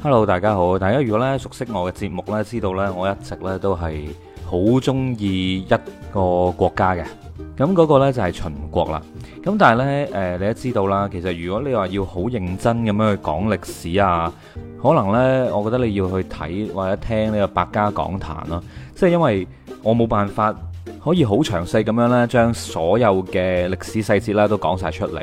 Hello，大家好！大家如果咧熟悉我嘅節目咧，知道咧我一直咧都係好中意一個國家嘅，咁嗰個呢就係秦國啦。咁但係呢，誒，你都知道啦，其實如果你話要好認真咁樣去講歷史啊，可能呢我覺得你要去睇或者聽呢個百家講壇咯，即係因為我冇辦法可以好詳細咁樣呢，將所有嘅歷史細節咧都講晒出嚟。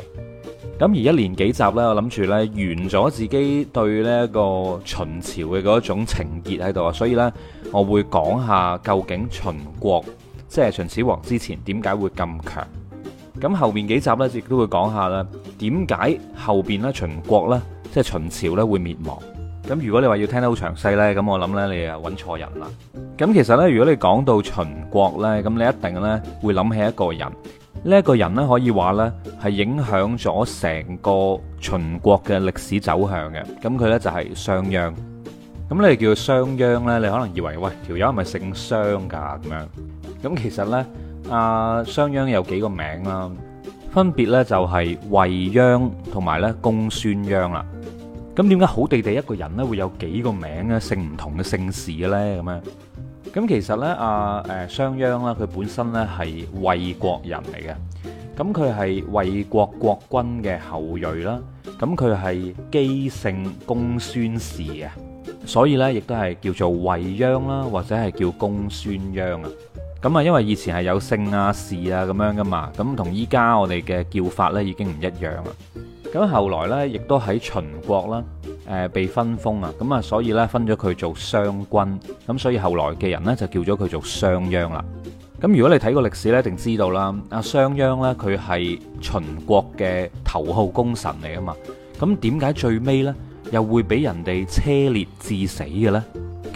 咁而一連幾集呢，我諗住呢完咗自己對呢個秦朝嘅嗰種情結喺度啊，所以呢，我會講下究竟秦國即係秦始皇之前點解會咁強。咁後面幾集呢，亦都會講下呢點解後面呢秦國呢，即係秦朝呢會滅亡。咁如果你話要聽得好詳細呢，咁我諗呢，你呀揾錯人啦。咁其實呢，如果你講到秦國呢，咁你一定呢會諗起一個人。呢一個人咧可以話咧係影響咗成個秦國嘅歷史走向嘅，咁佢咧就係商鞅。咁你叫佢商鞅咧，你可能以為喂，條友係咪姓商噶咁樣？咁其實咧，阿商鞅有幾個名啦，分別咧就係衛鞅同埋咧公孫鞅啦。咁點解好地地一個人咧會有幾個名咧，姓唔同嘅姓氏咧咁樣？咁其實呢，阿誒商鞅咧，佢本身呢係衛國人嚟嘅，咁佢係衛國國君嘅後裔啦，咁佢係姬姓公孫氏啊，所以呢亦都係叫做衛鞅啦，或者係叫公孫鞅啊。咁啊，因為以前係有姓啊、士啊、氏啊咁樣噶嘛，咁同依家我哋嘅叫法呢已經唔一樣啦。咁後來呢，亦都喺秦國啦。誒，被分封啊，咁啊，所以呢，分咗佢做商君，咁所以後來嘅人呢，就叫咗佢做商鞅啦。咁如果你睇過歷史呢，一定知道啦。阿商鞅呢，佢係秦國嘅頭號功臣嚟啊嘛。咁點解最尾呢，又會俾人哋車裂致死嘅咧？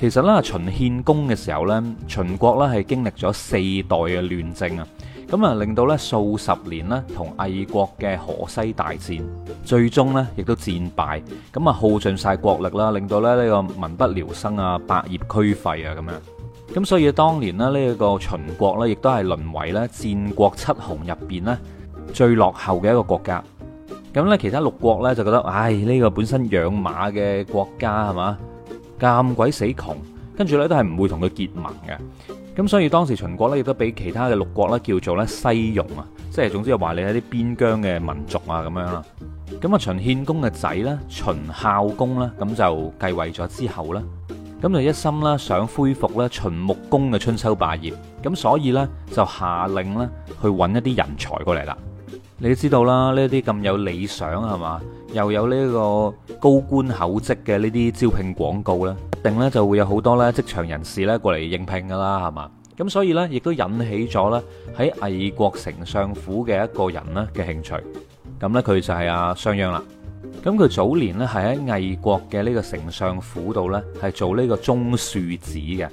其實咧，秦獻公嘅時候呢，秦國呢，係經歷咗四代嘅亂政啊。咁啊，令到咧數十年呢，同魏國嘅河西大戰，最終呢，亦都戰敗，咁啊耗盡曬國力啦，令到咧呢個民不聊生啊，百業俱廢啊咁樣。咁所以當年呢，呢、這、一個秦國呢，亦都係淪為咧戰國七雄入邊呢最落後嘅一個國家。咁呢，其他六國呢，就覺得，唉、哎、呢、這個本身養馬嘅國家係嘛，咁鬼死窮。跟住咧都係唔會同佢結盟嘅，咁所以當時秦國咧亦都俾其他嘅六國咧叫做咧西戎啊，即係總之係話你係啲邊疆嘅民族啊咁樣啦。咁啊秦獻公嘅仔咧秦孝公咧，咁就繼位咗之後呢，咁就一心啦想恢復咧秦穆公嘅春秋霸業，咁所以咧就下令咧去揾一啲人才過嚟啦。你知道啦，呢啲咁有理想係嘛？又有呢個高官厚職嘅呢啲招聘廣告呢，一定呢就會有好多呢職場人士呢過嚟應聘噶啦，係嘛？咁所以呢，亦都引起咗呢喺魏國丞相府嘅一個人呢嘅興趣。咁呢，啊，佢就係阿商鞅啦。咁佢早年呢，係喺魏國嘅呢個丞相府度呢，係做呢個中庶子嘅。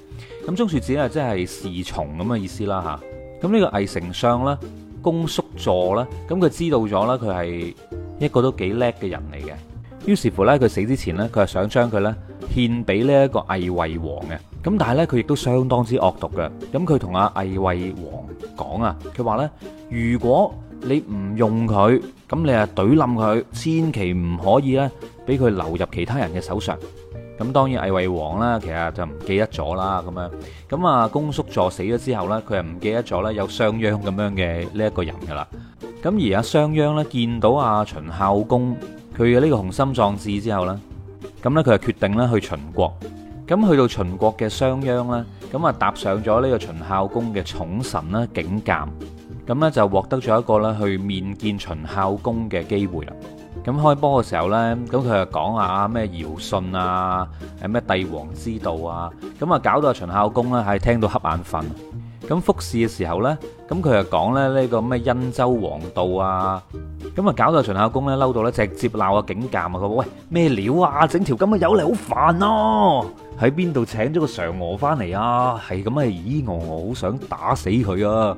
咁中庶子咧即係侍從咁嘅意思啦吓。咁呢個魏丞相呢，公叔座咧，咁佢知道咗咧佢係。一個都幾叻嘅人嚟嘅，於是乎咧，佢死之前咧，佢係想將佢咧獻俾呢一個魏惠王嘅。咁但係咧，佢亦都相當之惡毒嘅。咁佢同阿魏惠王講啊，佢話咧，如果你唔用佢，咁你啊懟冧佢，千祈唔可以咧，俾佢流入其他人嘅手上。咁當然魏惠王啦，其實就唔記得咗啦，咁樣。咁啊，公叔痤死咗之後咧，佢係唔記得咗咧有商鞅咁樣嘅呢一個人噶啦。咁而阿商鞅咧，見到阿秦孝公佢嘅呢個雄心壯志之後咧，咁咧佢就決定咧去秦國。咁去到秦國嘅商鞅咧，咁啊踏上咗呢個秦孝公嘅寵臣啦、景監，咁咧就獲得咗一個咧去面見秦孝公嘅機會啦。咁開波嘅時候咧，咁佢就講下咩堯舜啊，誒咩帝王之道啊，咁啊搞到阿秦孝公咧係聽到瞌眼瞓。咁複試嘅時候咧，咁佢又講咧呢個咩殷周王道啊，咁啊搞到秦孝公咧嬲到咧直接鬧阿景監啊，佢話喂，咩料啊，整條咁嘅友嚟好煩咯，喺邊度請咗個嫦娥翻嚟啊，係咁啊咿咿哦哦，好想打死佢啊！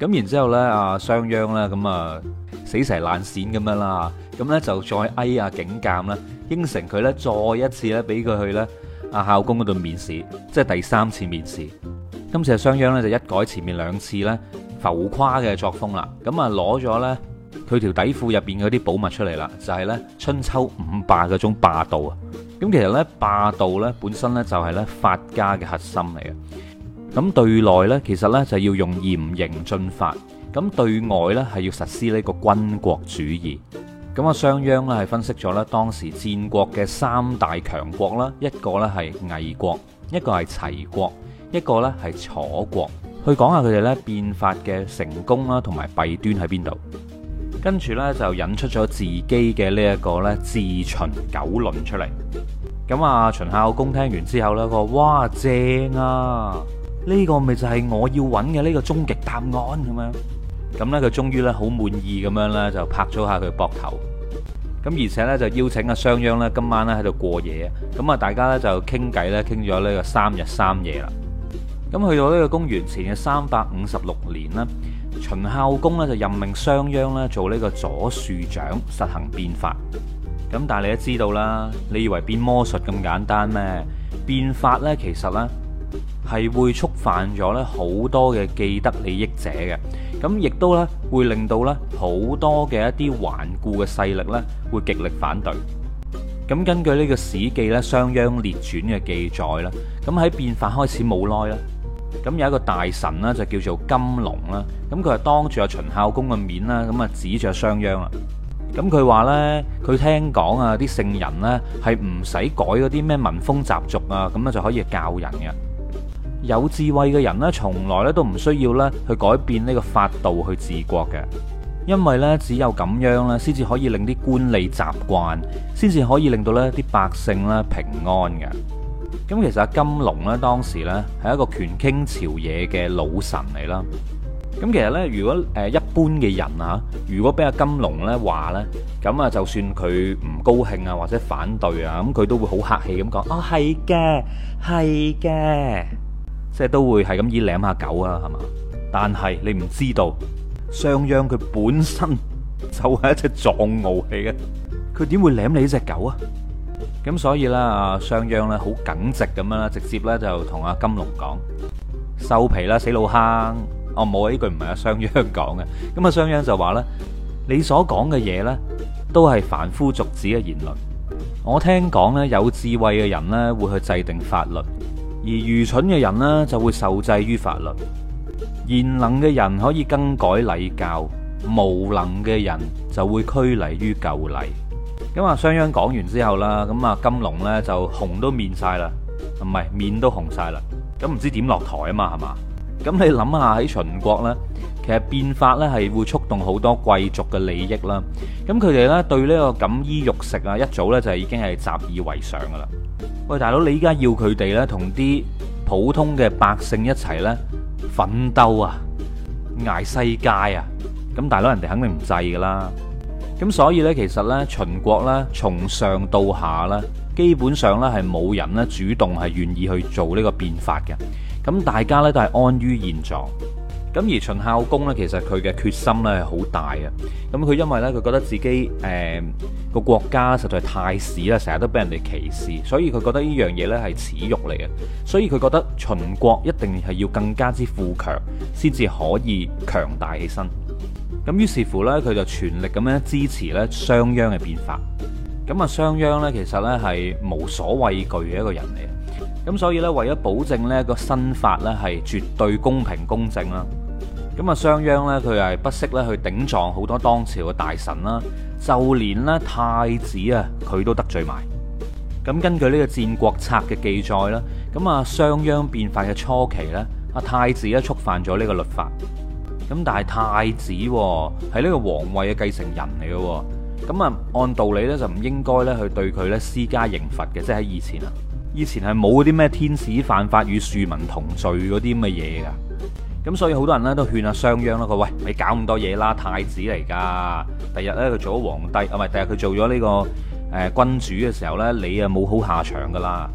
咁然之後咧阿商鞅咧咁啊死蛇爛鱔咁樣啦，咁咧就再哀阿景監啦，應承佢咧再一次咧俾佢去咧阿孝公嗰度面試，即係第三次面試。今次阿商鞅咧就一改前面兩次咧浮誇嘅作風啦，咁啊攞咗咧佢條底褲入邊嗰啲寶物出嚟啦，就係咧春秋五霸嗰種霸道啊！咁其實咧霸道咧本身咧就係咧法家嘅核心嚟嘅。咁對內咧其實咧就要用嚴刑峻法，咁對外咧係要實施呢個軍國主義。咁阿商鞅咧係分析咗咧當時戰國嘅三大強國啦，一個咧係魏國，一個係齊國。一個呢係楚國，去講下佢哋呢變法嘅成功啦，同埋弊端喺邊度。跟住呢，就引出咗自己嘅呢一個呢自秦九論出嚟。咁、嗯、啊，秦孝公聽完之後呢，佢話：哇，正啊！呢個咪就係我要揾嘅呢個終極答案咁樣。咁、嗯、呢，佢終於呢好滿意咁樣呢，就拍咗下佢膊頭。咁、嗯、而且呢，就邀請阿商鞅呢今晚呢喺度過夜。咁啊，大家呢就傾偈呢傾咗呢個三日三夜啦。咁去到呢個公元前嘅三百五十六年呢，秦孝公呢就任命商鞅呢做呢個左庶長，實行變法。咁但係你都知道啦，你以為變魔術咁簡單咩？變法呢其實呢係會觸犯咗呢好多嘅既得利益者嘅，咁亦都呢會令到呢好多嘅一啲頑固嘅勢力呢會極力反對。咁根據呢個《史記》呢，《商鞅列傳》嘅記載啦，咁喺變法開始冇耐啦。咁有一個大臣呢，就叫做金龍啦。咁佢係當住阿秦孝公嘅面啦，咁啊指着商鞅啦。咁佢話呢，佢聽講啊，啲聖人呢，係唔使改嗰啲咩民風習俗啊，咁咧就可以教人嘅。有智慧嘅人呢，從來咧都唔需要呢去改變呢個法度去治國嘅，因為呢，只有咁樣呢，先至可以令啲官吏習慣，先至可以令到呢啲百姓咧平安嘅。咁其實阿金龍咧當時咧係一個權傾朝野嘅老臣嚟啦。咁其實咧，如果誒一般嘅人啊，如果俾阿金龍咧話咧，咁啊就算佢唔高興啊或者反對啊，咁佢都會好客氣咁講，哦係嘅，係嘅，即係都會係咁依舐下狗啊，係嘛？但係你唔知道，商鞅佢本身就係一隻藏獒嚟嘅，佢點會舐你呢隻狗啊？咁所以咧，阿商鞅咧好耿直咁樣啦，直接咧就同阿金龍講：，收皮啦，死老坑！哦，冇啊，呢句唔係阿商鞅講嘅。咁啊，商鞅就話咧：，你所講嘅嘢咧，都係凡夫俗子嘅言論。我聽講咧，有智慧嘅人咧會去制定法律，而愚蠢嘅人咧就會受制於法律。賢能嘅人可以更改禮教，無能嘅人就會拘泥於舊禮。咁啊，商鞅講完之後啦，咁啊，金龍咧就紅都面晒啦，唔係，面都紅晒啦，咁唔知點落台啊嘛，係嘛？咁你諗下喺秦國咧，其實變法咧係會觸動好多貴族嘅利益啦，咁佢哋咧對呢個錦衣玉食啊，一早咧就已經係習以為常噶啦。喂，大佬，你依家要佢哋咧同啲普通嘅百姓一齊咧奮鬥啊，捱世界啊，咁大佬，人哋肯定唔制噶啦。咁所以呢，其實呢，秦國呢，從上到下呢，基本上呢，係冇人呢主動係願意去做呢個變法嘅。咁大家呢，都係安於現狀。咁而秦孝公呢，其實佢嘅決心呢係好大嘅。咁佢因為呢，佢覺得自己、呃、個國家實在太屎啦，成日都俾人哋歧視，所以佢覺得呢樣嘢呢係恥辱嚟嘅。所以佢覺得秦國一定係要更加之富強，先至可以強大起身。咁於是乎咧，佢就全力咁樣支持咧商鞅嘅變法。咁啊，商鞅咧其實咧係無所畏懼嘅一個人嚟。咁所以咧，為咗保證呢個新法咧係絕對公平公正啦。咁啊，商鞅咧佢係不惜咧去頂撞好多當朝嘅大臣啦，就連咧太子啊佢都得罪埋。咁根據呢個《戰國策》嘅記載啦，咁啊商鞅變法嘅初期咧，阿太子咧觸犯咗呢個律法。咁但係太子喎，係呢個皇位嘅繼承人嚟嘅，咁啊按道理呢，就唔應該呢去對佢呢施加刑罰嘅，即係喺以前啊，以前係冇啲咩天子犯法與庶民同罪嗰啲咁嘅嘢噶，咁所以好多人呢都勸阿商鞅啦，佢，喂，你搞咁多嘢啦，太子嚟噶，第日呢，佢做咗皇帝，啊唔係，第日佢做咗呢個誒君主嘅時候呢，你啊冇好下場噶啦。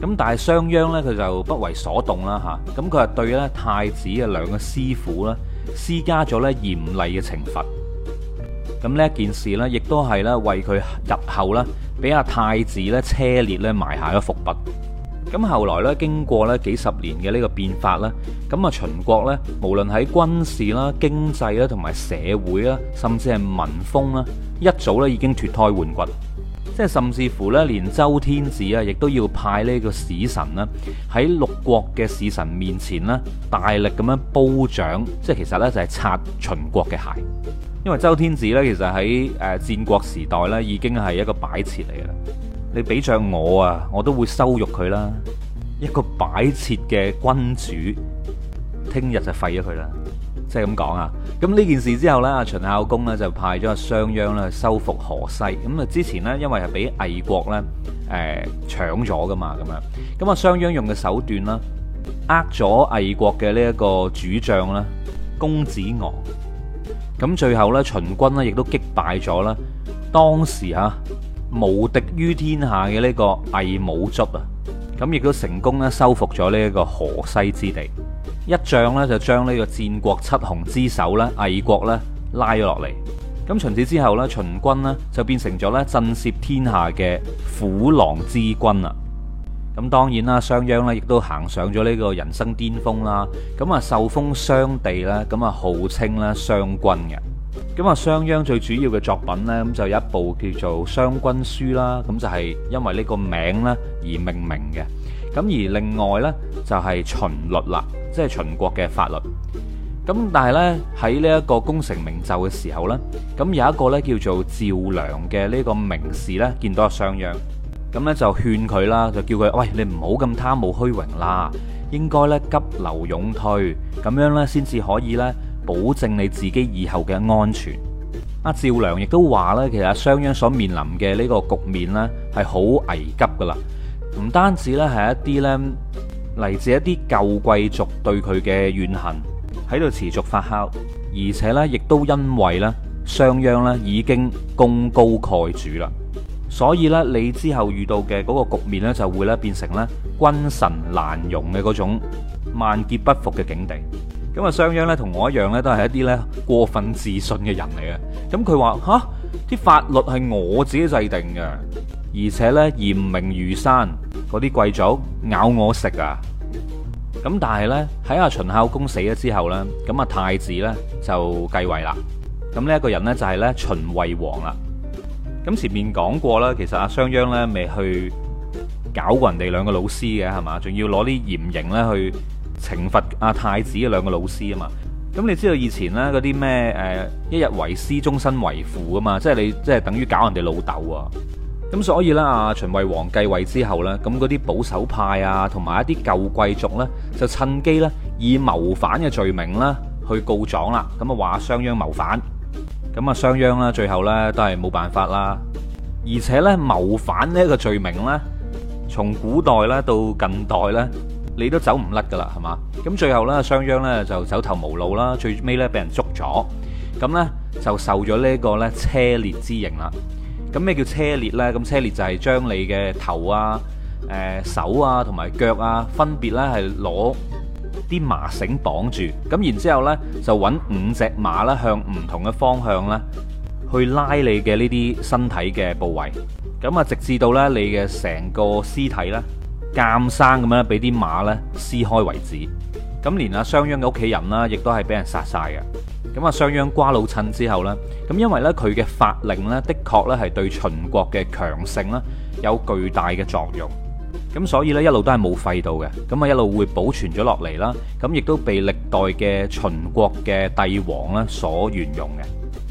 咁但係商鞅呢，佢就不為所動啦吓，咁佢係對呢太子嘅兩個師傅咧，施加咗咧嚴厲嘅懲罰，咁呢件事呢，亦都係咧為佢日後咧，俾阿太子咧車裂咧埋下咗伏筆。咁後來咧，經過咧幾十年嘅呢個變法咧，咁啊秦國咧，無論喺軍事啦、經濟啦、同埋社會啦，甚至係民風啦，一早咧已經脫胎換骨。即係甚至乎咧，連周天子啊，亦都要派呢個使臣啦，喺六國嘅使臣面前啦，大力咁樣褒獎。即係其實呢，就係擦秦國嘅鞋，因為周天子呢，其實喺誒戰國時代呢，已經係一個擺設嚟嘅啦。你俾着我啊，我都會羞辱佢啦。一個擺設嘅君主，聽日就廢咗佢啦。即係咁講啊！咁呢件事之後呢，啊秦孝公呢就派咗阿商鞅咧去收復河西。咁啊之前呢，因為係俾魏國咧誒搶咗噶嘛，咁樣。咁啊商鞅用嘅手段啦，呃咗魏國嘅呢一個主將啦——公子昂。咁最後呢，秦軍呢亦都擊敗咗啦。當時吓無敵於天下嘅呢個魏武卒啊，咁亦都成功咧收復咗呢一個河西之地。一仗呢，就將呢個戰國七雄之首咧魏國咧拉咗落嚟。咁從此之後咧，秦軍呢就變成咗咧震懾天下嘅虎狼之軍啦。咁當然啦，商鞅咧亦都行上咗呢個人生巔峰啦。咁啊，受封商地咧，咁啊號稱咧商君嘅。咁啊，商鞅最主要嘅作品呢，咁就有一部叫做《商君書》啦。咁就係因為呢個名咧而命名嘅。咁而另外呢，就係、是《秦律》啦。即係秦國嘅法律，咁但係呢，喺呢一個功成名就嘅時候呢，咁有一個呢叫做趙良嘅呢個名士呢，見到阿商鞅，咁呢就勸佢啦，就叫佢，喂，你唔好咁貪慕虛榮啦，應該呢急流勇退，咁樣呢先至可以呢保證你自己以後嘅安全。阿、啊、趙良亦都話呢，其實商鞅所面臨嘅呢個局面呢，係好危急噶啦，唔單止呢係一啲呢。嚟自一啲舊貴族對佢嘅怨恨喺度持續發酵，而且呢，亦都因為呢，商鞅呢已經功高蓋主啦，所以呢，你之後遇到嘅嗰個局面呢，就會咧變成呢君臣難容嘅嗰種萬劫不復嘅境地。咁啊，商鞅呢同我一樣呢都係一啲呢過分自信嘅人嚟嘅。咁佢話吓，啲法律係我自己制定嘅。而且咧，嚴明如山嗰啲貴族咬我食啊！咁但係呢，喺阿秦孝公死咗之後呢，咁啊太子呢，就繼位啦。咁呢一個人呢，就係呢秦惠王啦。咁前面講過啦，其實阿商鞅呢，未去搞過人哋兩個老師嘅係嘛，仲要攞啲嚴刑呢，去懲罰阿太子嘅兩個老師啊嘛。咁你知道以前呢，嗰啲咩誒一日為師，終身為父啊嘛，即係你即係等於搞人哋老豆啊！咁所以咧，阿秦惠王繼位之後咧，咁嗰啲保守派啊，同埋一啲舊貴族咧，就趁機咧以謀反嘅罪名啦去告狀啦，咁啊話商鞅謀反，咁啊商鞅咧最後咧都係冇辦法啦，而且咧謀反呢個罪名咧，從古代咧到近代咧，你都走唔甩噶啦，係嘛？咁最後咧，商鞅咧就走投無路啦，最尾咧畀人捉咗，咁咧就受咗呢個咧車裂之刑啦。咁咩叫車裂呢？咁車裂就係將你嘅頭啊、呃、手啊同埋腳啊分別咧係攞啲麻繩綁住，咁然之後呢，就揾五隻馬啦向唔同嘅方向呢去拉你嘅呢啲身體嘅部位，咁啊直至到呢，你嘅成個屍體呢，監生咁樣俾啲馬呢撕開為止，咁連阿商鞅嘅屋企人啦，亦都係俾人殺晒嘅。咁啊，商鞅瓜老襯之後呢，咁因為呢，佢嘅法令呢，的確呢，係對秦國嘅強盛呢，有巨大嘅作用，咁所以呢，一路都係冇廢到嘅，咁啊一路會保存咗落嚟啦，咁亦都被歷代嘅秦國嘅帝王呢所沿用嘅。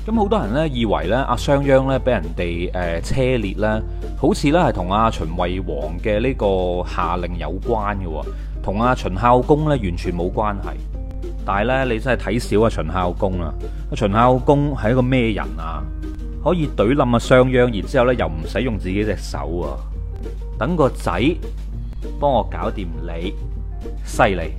咁好多人呢，以為呢阿商鞅呢，俾人哋誒車裂呢，好似呢係同阿秦惠王嘅呢個下令有關嘅，同阿秦孝公呢，完全冇關係。但係咧，你真係睇少啊！秦孝公啦，阿秦孝公係一個咩人啊？可以懟冧啊商鞅，然之後咧又唔使用，用自己隻手啊，等個仔幫我搞掂你，犀利！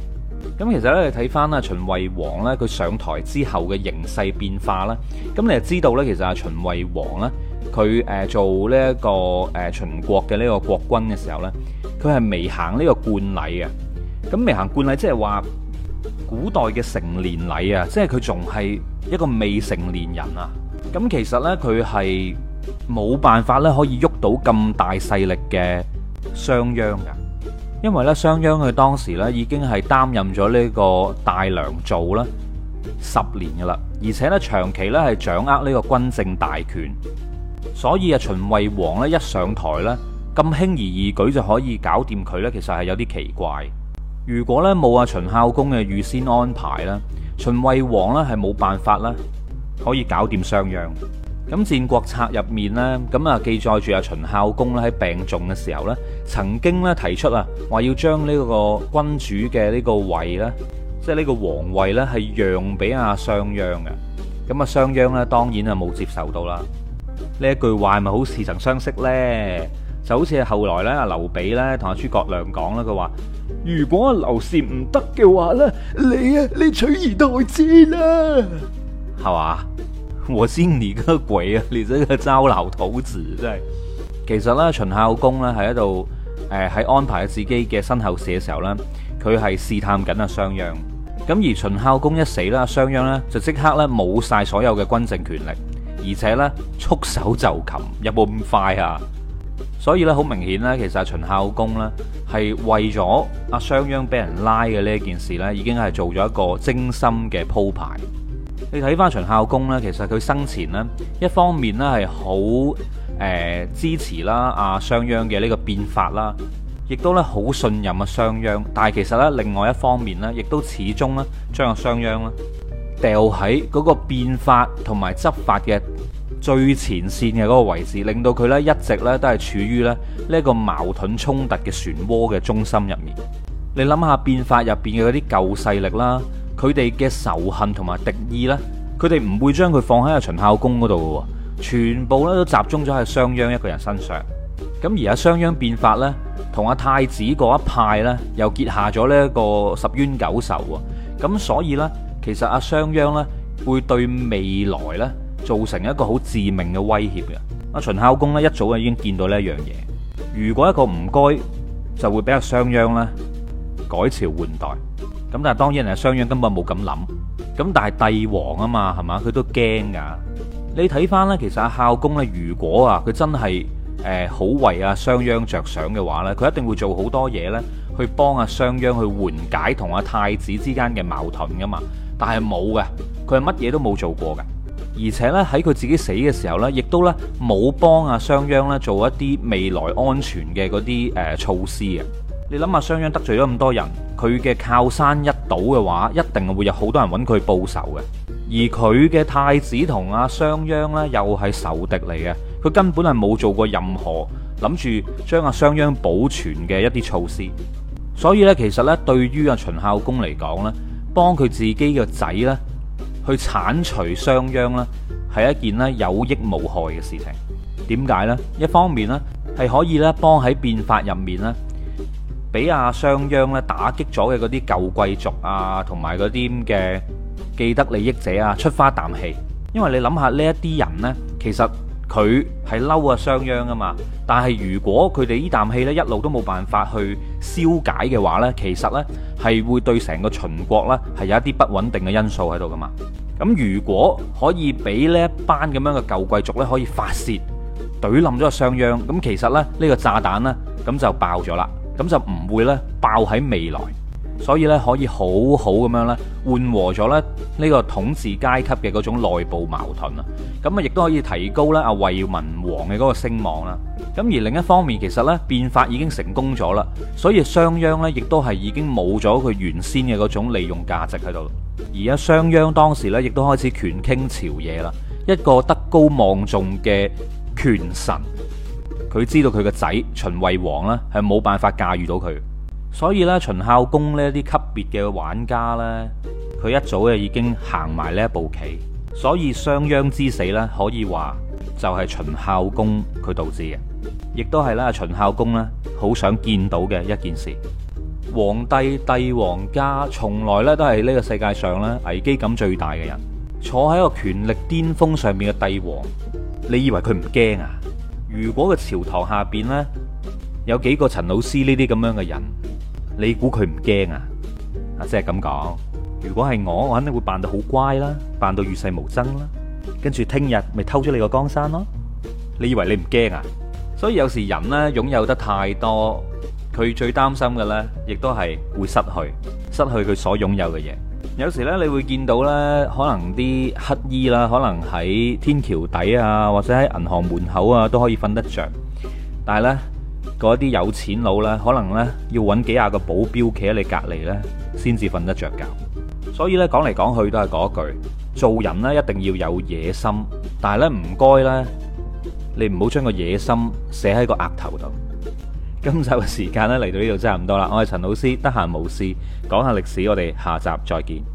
咁其實咧，你睇翻啊，秦惠王咧，佢上台之後嘅形勢變化啦，咁你就知道咧，其實阿秦惠王啦，佢誒做呢一個誒秦國嘅呢個國君嘅時候咧，佢係未行呢個冠禮嘅，咁未行冠禮即係話。古代嘅成年禮啊，即係佢仲係一個未成年人啊。咁其實呢，佢係冇辦法咧可以喐到咁大勢力嘅商鞅㗎，因為呢，商鞅佢當時呢已經係擔任咗呢個大良造啦十年噶啦，而且呢，長期呢係掌握呢個軍政大權，所以啊，秦惠王呢一上台呢，咁輕而易舉就可以搞掂佢呢，其實係有啲奇怪。如果咧冇阿秦孝公嘅預先安排啦，秦惠王咧係冇辦法啦，可以搞掂商鞅。咁《戰國策》入面咧，咁啊記載住阿秦孝公咧喺病重嘅時候咧，曾經咧提出啊，話要將呢個君主嘅呢個位咧，即係呢個皇位咧，係讓俾阿商鞅嘅。咁啊，商鞅咧當然啊冇接受到啦。呢一句話係咪好似曾相識咧？就好似係後來咧，阿劉備咧同阿諸葛亮講啦，佢話如果啊劉禪唔得嘅話咧，你啊你取而代之啦、啊，係嘛？我信你個鬼啊！你這個糟老頭子真係。其實咧，秦孝公咧喺度誒，喺安排自己嘅身後事嘅時候咧，佢係試探緊阿商鞅。咁而秦孝公一死啦，商鞅咧就即刻咧冇晒所有嘅軍政權力，而且咧束手就擒，有冇咁快啊？所以咧，好明顯咧，其實秦孝公咧係為咗阿商鞅俾人拉嘅呢一件事咧，已經係做咗一個精心嘅鋪排。你睇翻秦孝公咧，其實佢生前咧，一方面咧係好誒支持啦阿商鞅嘅呢個變法啦，亦都咧好信任阿商鞅。但係其實咧，另外一方面咧，亦都始終咧將阿商鞅咧掉喺嗰個變法同埋執法嘅最前線嘅嗰個位置，令到佢呢，一直咧都係處於咧呢一個矛盾衝突嘅漩渦嘅中心入面。你諗下變法入邊嘅嗰啲舊勢力啦，佢哋嘅仇恨同埋敵意咧，佢哋唔會將佢放喺阿秦孝公嗰度喎，全部咧都集中咗喺商鞅一個人身上。咁而阿商鞅變法呢，同阿太子嗰一派呢，又結下咗呢一個十冤九仇啊！咁所以呢，其實阿商鞅呢，會對未來呢……造成一個好致命嘅威脅嘅。阿秦孝公咧，一早就已經見到呢一樣嘢。如果一個唔該，就會俾阿商鞅咧改朝換代咁。但係當然係商鞅根本冇咁諗咁，但係帝王啊嘛係嘛，佢都驚噶。你睇翻咧，其實阿孝公咧，如果啊佢真係誒好為阿商鞅着想嘅話咧，佢一定會做好多嘢咧去幫阿商鞅去緩解同阿太子之間嘅矛盾噶嘛。但係冇嘅，佢係乜嘢都冇做過噶。而且咧喺佢自己死嘅時候咧，亦都咧冇幫阿商鞅咧做一啲未來安全嘅嗰啲誒措施嘅。你諗下，商鞅得罪咗咁多人，佢嘅靠山一倒嘅話，一定會有好多人揾佢報仇嘅。而佢嘅太子同阿商鞅咧又係仇敵嚟嘅，佢根本係冇做過任何諗住將阿商鞅保存嘅一啲措施。所以咧，其實咧對於阿秦孝公嚟講咧，幫佢自己嘅仔咧。去剷除商鞅咧，係一件咧有益無害嘅事情。點解呢？一方面呢係可以咧幫喺變法入面咧，俾阿商鞅咧打擊咗嘅嗰啲舊貴族啊，同埋嗰啲嘅既得利益者啊出花啖氣。因為你諗下呢一啲人呢，其實，佢係嬲啊商鞅啊嘛，但係如果佢哋呢啖氣咧一路都冇辦法去消解嘅話，呢其實呢係會對成個秦國呢係有一啲不穩定嘅因素喺度噶嘛。咁如果可以俾呢一班咁樣嘅舊貴族呢可以發泄，懟冧咗個商鞅，咁其實咧呢個炸彈呢咁就爆咗啦，咁就唔會呢爆喺未來。所以咧可以好好咁樣咧，緩和咗咧呢個統治階級嘅嗰種內部矛盾啊，咁啊亦都可以提高咧阿惠文王嘅嗰個聲望啦。咁而另一方面，其實咧變法已經成功咗啦，所以商鞅咧亦都係已經冇咗佢原先嘅嗰種利用價值喺度。而家商鞅當時咧亦都開始權傾朝野啦，一個德高望重嘅權臣，佢知道佢個仔秦惠王咧係冇辦法駕馭到佢。所以咧，秦孝公呢啲級別嘅玩家呢，佢一早就已經行埋呢一步棋，所以商鞅之死呢，可以話就係秦孝公佢導致嘅，亦都係啦秦孝公呢好想見到嘅一件事。皇帝、帝王家從來呢都係呢個世界上呢危機感最大嘅人，坐喺個權力巔峰上面嘅帝王，你以為佢唔驚啊？如果個朝堂下邊呢，有幾個陳老師呢啲咁樣嘅人？你估佢唔驚啊？啊，即係咁講。如果係我，我肯定會扮到好乖啦，扮到與世無爭啦。跟住聽日咪偷咗你個江山咯。你以為你唔驚啊？所以有時人呢擁有得太多，佢最擔心嘅呢，亦都係會失去，失去佢所擁有嘅嘢。有時呢，你會見到呢，可能啲乞衣啦，可能喺天橋底啊，或者喺銀行門口啊，都可以瞓得着。但係呢。嗰啲有錢佬呢，可能呢，要揾幾廿個保鏢企喺你隔籬呢，先至瞓得着覺。所以呢，講嚟講去都係嗰句，做人呢，一定要有野心，但係咧唔該呢，你唔好將個野心寫喺個額頭度。今集嘅時間呢，嚟到呢度真係差唔多啦，我係陳老師，得閒無事講下歷史，我哋下集再見。